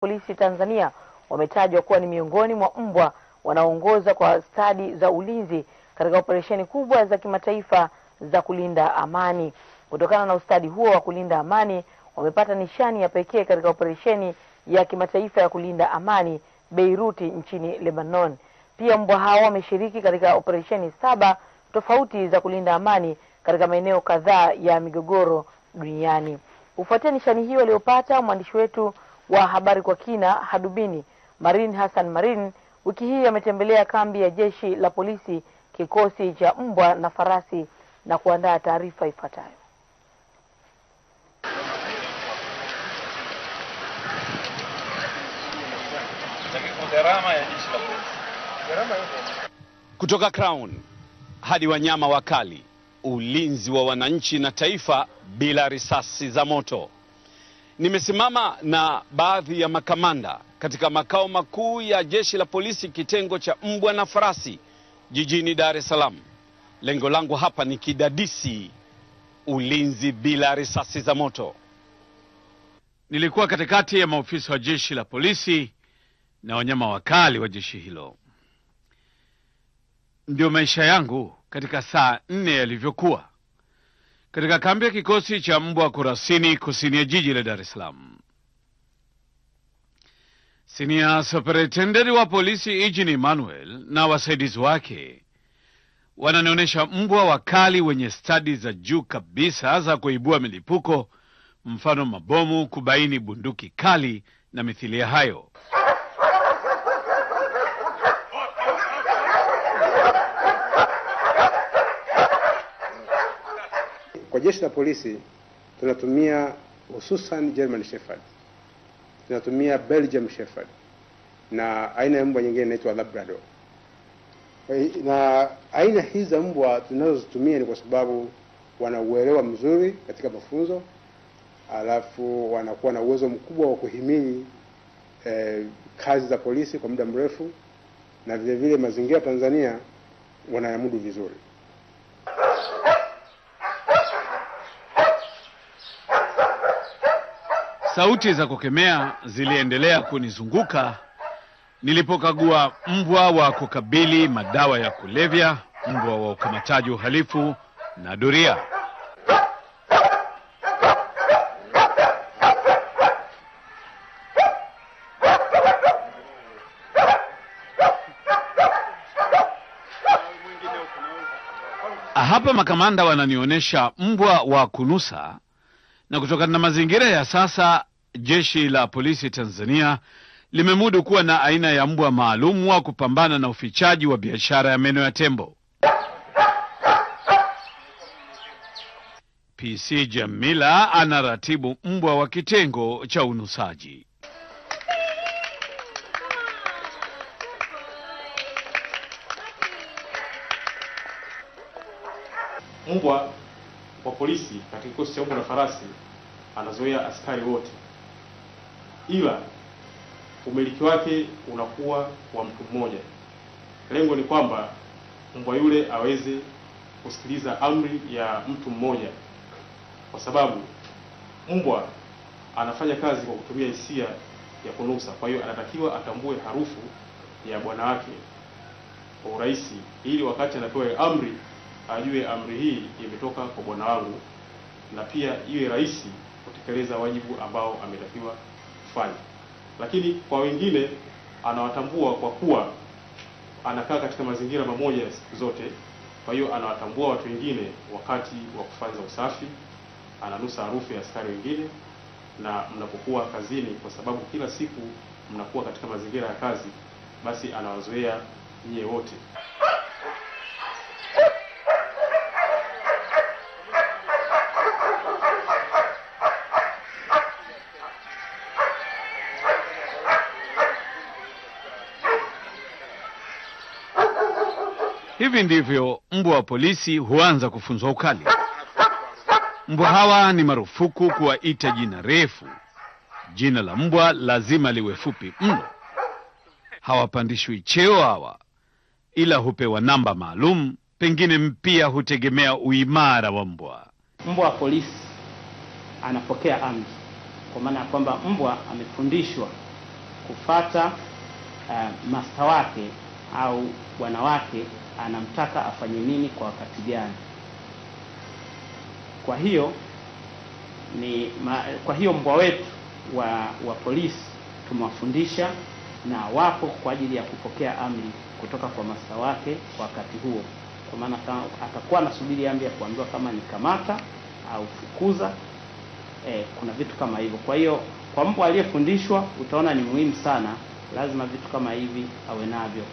Polisi Tanzania wametajwa kuwa ni miongoni mwa mbwa wanaoongoza kwa stadi za ulinzi katika operesheni kubwa za kimataifa za kulinda amani. Kutokana na ustadi huo wa kulinda amani, wamepata nishani ya pekee katika operesheni ya kimataifa ya kulinda amani Beiruti nchini Lebanon. Pia mbwa hao wameshiriki katika operesheni saba tofauti za kulinda amani katika maeneo kadhaa ya migogoro duniani. Kufuatia nishani hiyo aliyopata mwandishi wetu wa habari kwa kina Hadubini, Marin Hassan Marin wiki hii ametembelea kambi ya jeshi la polisi kikosi cha mbwa na farasi na kuandaa taarifa ifuatayo. Kutoka Crown hadi wanyama wakali, ulinzi wa wananchi na taifa bila risasi za moto. Nimesimama na baadhi ya makamanda katika makao makuu ya jeshi la polisi kitengo cha mbwa na farasi jijini Dar es Salaam. Lengo langu hapa ni kidadisi ulinzi bila risasi za moto. Nilikuwa katikati ya maofisa wa jeshi la polisi na wanyama wakali wa jeshi hilo. Ndio maisha yangu katika saa nne yalivyokuwa katika kambi ya kikosi cha mbwa Kurasini kusini ya jiji la Dar es Salaam. sinia Superintendent wa polisi Eugene Emmanuel na wasaidizi wake wananionyesha mbwa wakali wenye stadi za juu kabisa za kuibua milipuko, mfano mabomu, kubaini bunduki kali na mithilia hayo. jeshi la polisi tunatumia hususan German Shepherd, tunatumia Belgium Shepherd na aina ya mbwa nyingine inaitwa Labrador. Na aina hizi za mbwa tunazozitumia ni kwa sababu wanauelewa mzuri katika mafunzo, alafu wanakuwa na uwezo mkubwa wa kuhimili eh, kazi za polisi kwa muda mrefu, na vile vile mazingira Tanzania wanayamudu vizuri. Sauti za kukemea ziliendelea kunizunguka nilipokagua mbwa wa kukabili madawa ya kulevya, mbwa wa ukamataji uhalifu na doria. Hapa makamanda wananionyesha mbwa wa kunusa na kutokana na mazingira ya sasa, jeshi la polisi Tanzania limemudu kuwa na aina ya mbwa maalum wa kupambana na ufichaji wa biashara ya meno ya tembo. PC Jamila anaratibu mbwa wa kitengo cha unusaji. Mbwa wa polisi katika kikosi cha mbwa na farasi anazoea askari wote, ila umiliki wake unakuwa wa mtu mmoja. Lengo ni kwamba mbwa yule aweze kusikiliza amri ya mtu mmoja, kwa sababu mbwa anafanya kazi kwa kutumia hisia ya kunusa. Kwa hiyo anatakiwa atambue harufu ya bwana wake kwa urahisi, ili wakati anapewa amri ajue amri hii imetoka kwa bwana wangu, na pia iwe rahisi kutekeleza wajibu ambao ametakiwa kufanya. Lakini kwa wengine anawatambua kwa kuwa anakaa katika mazingira mamoja siku zote, kwa hiyo anawatambua watu wengine wakati wa kufanya usafi, ananusa harufu ya askari wengine na mnapokuwa kazini, kwa sababu kila siku mnakuwa katika mazingira ya kazi, basi anawazoea nyie wote. Hivi ndivyo mbwa wa polisi huanza kufunzwa ukali. Mbwa hawa ni marufuku kuwaita jina refu. Jina la mbwa lazima liwe fupi mno. Hawapandishwi cheo hawa, ila hupewa namba maalum. Pengine mpia hutegemea uimara wa mbwa. Mbwa wa polisi anapokea amri, kwa maana ya kwamba mbwa amefundishwa kufata uh, eh, masta wake au bwana wake anamtaka afanye nini kwa wakati gani. Kwa hiyo ni ma, kwa hiyo mbwa wetu wa, wa polisi tumewafundisha na wapo kwa ajili ya kupokea amri kutoka kwa masta wake kwa wakati huo, kwa maana atakuwa anasubiri amri ya kuambiwa kama ni kamata au fukuza. Eh, kuna vitu kama hivyo. Kwa hiyo kwa mbwa aliyefundishwa utaona ni muhimu sana lazima vitu kama hivi awe navyo.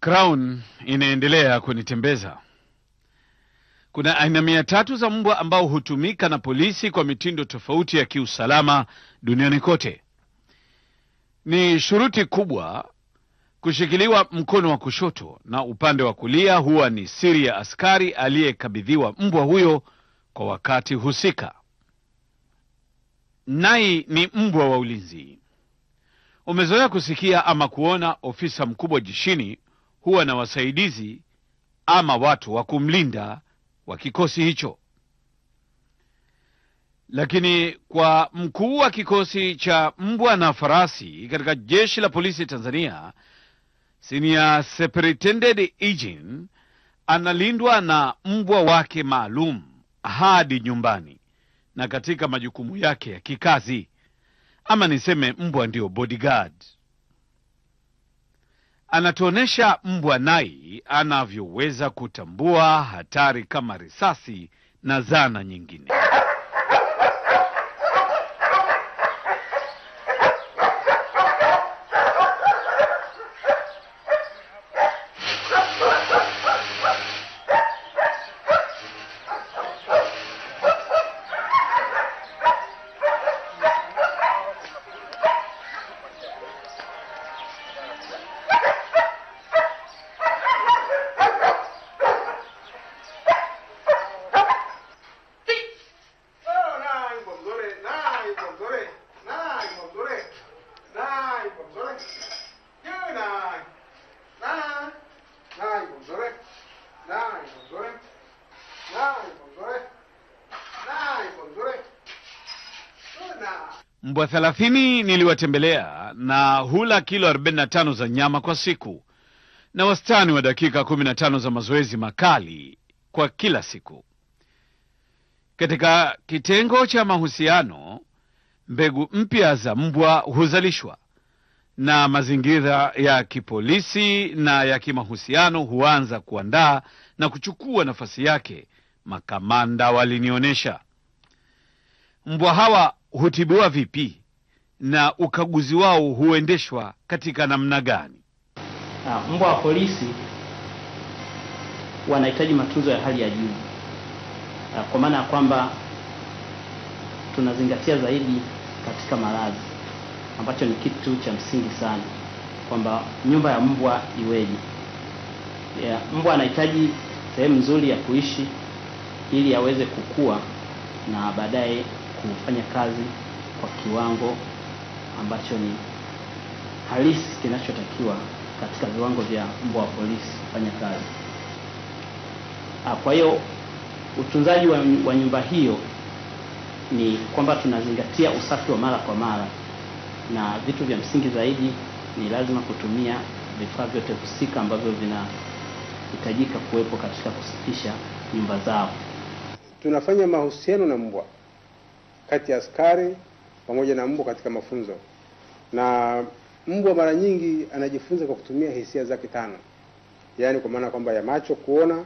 Crown inaendelea kunitembeza. Kuna aina mia tatu za mbwa ambao hutumika na polisi kwa mitindo tofauti ya kiusalama duniani kote. Ni shuruti kubwa kushikiliwa mkono wa kushoto na upande wa kulia huwa ni siri ya askari aliyekabidhiwa mbwa huyo kwa wakati husika. Nai ni mbwa wa ulinzi. Umezoea kusikia ama kuona ofisa mkubwa jeshini huwa na wasaidizi ama watu wa kumlinda wa kikosi hicho, lakini kwa mkuu wa kikosi cha mbwa na farasi katika jeshi la polisi Tanzania, sinia seperitended Eugene analindwa na mbwa wake maalum hadi nyumbani na katika majukumu yake ya kikazi, ama niseme mbwa ndiyo bodyguard. anatuonyesha mbwa Nai anavyoweza kutambua hatari kama risasi na zana nyingine. Mbwa thelathini niliwatembelea na hula kilo 45 za nyama kwa siku na wastani wa dakika 15 za mazoezi makali kwa kila siku. Katika kitengo cha mahusiano, mbegu mpya za mbwa huzalishwa na mazingira ya kipolisi na ya kimahusiano huanza kuandaa na kuchukua nafasi yake. Makamanda walinionyesha mbwa hawa hutibiwa vipi na ukaguzi wao huendeshwa katika namna gani? Ah, mbwa wa polisi wanahitaji matunzo ya hali ya juu, ah, kwa maana ya kwamba tunazingatia zaidi katika malazi, ambacho ni kitu cha msingi sana, kwamba nyumba ya mbwa iweje. Yeah, mbwa anahitaji sehemu nzuri ya kuishi ili aweze kukua na baadaye kufanya kazi kwa kiwango ambacho ni halisi kinachotakiwa katika viwango vya mbwa wa polisi kufanya kazi. Ah, kwa hiyo utunzaji wa, wa nyumba hiyo ni kwamba tunazingatia usafi wa mara kwa mara, na vitu vya msingi zaidi ni lazima kutumia vifaa vyote husika ambavyo vinahitajika kuwepo katika kusafisha nyumba zao. Tunafanya mahusiano na mbwa kati ya askari pamoja na mbwa katika mafunzo. Na mbwa mara nyingi anajifunza kwa kutumia hisia zake tano, yaani kwa maana kwamba ya macho kuona,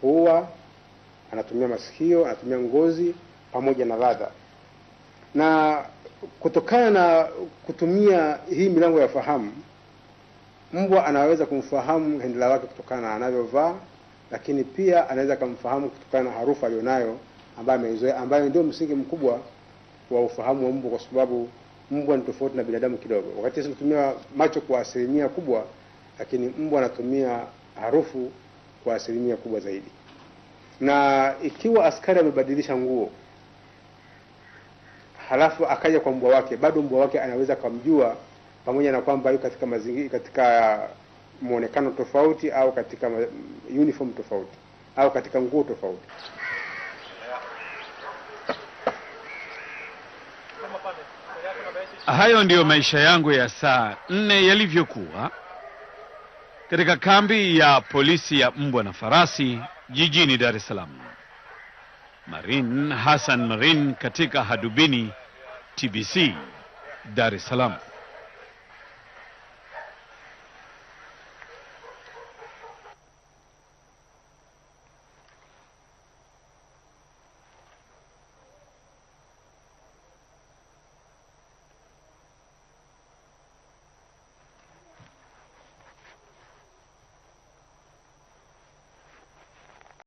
pua, anatumia masikio, anatumia ngozi pamoja na ladha. Na kutokana na kutumia hii milango ya fahamu, mbwa anaweza kumfahamu hendela wake kutokana na anavyovaa, lakini pia anaweza akamfahamu kutokana na harufu aliyonayo ambayo ameizoea, ambayo ndio msingi mkubwa kwa ufahamu wa mbwa, kwa sababu mbwa ni tofauti na binadamu kidogo. Wakati sisi tunatumia macho kwa asilimia kubwa, lakini mbwa anatumia harufu kwa asilimia kubwa zaidi. Na ikiwa askari amebadilisha nguo halafu akaja kwa mbwa wake, bado mbwa wake anaweza kumjua, pamoja na kwamba yuko katika mazingira, katika muonekano tofauti, au katika uniform tofauti, au katika nguo tofauti. Hayo ndiyo maisha yangu ya saa nne yalivyokuwa katika kambi ya polisi ya mbwa na farasi jijini Dar es Salaam. Marin Hassan Marin katika Hadubini, TBC, Dar es Salaam.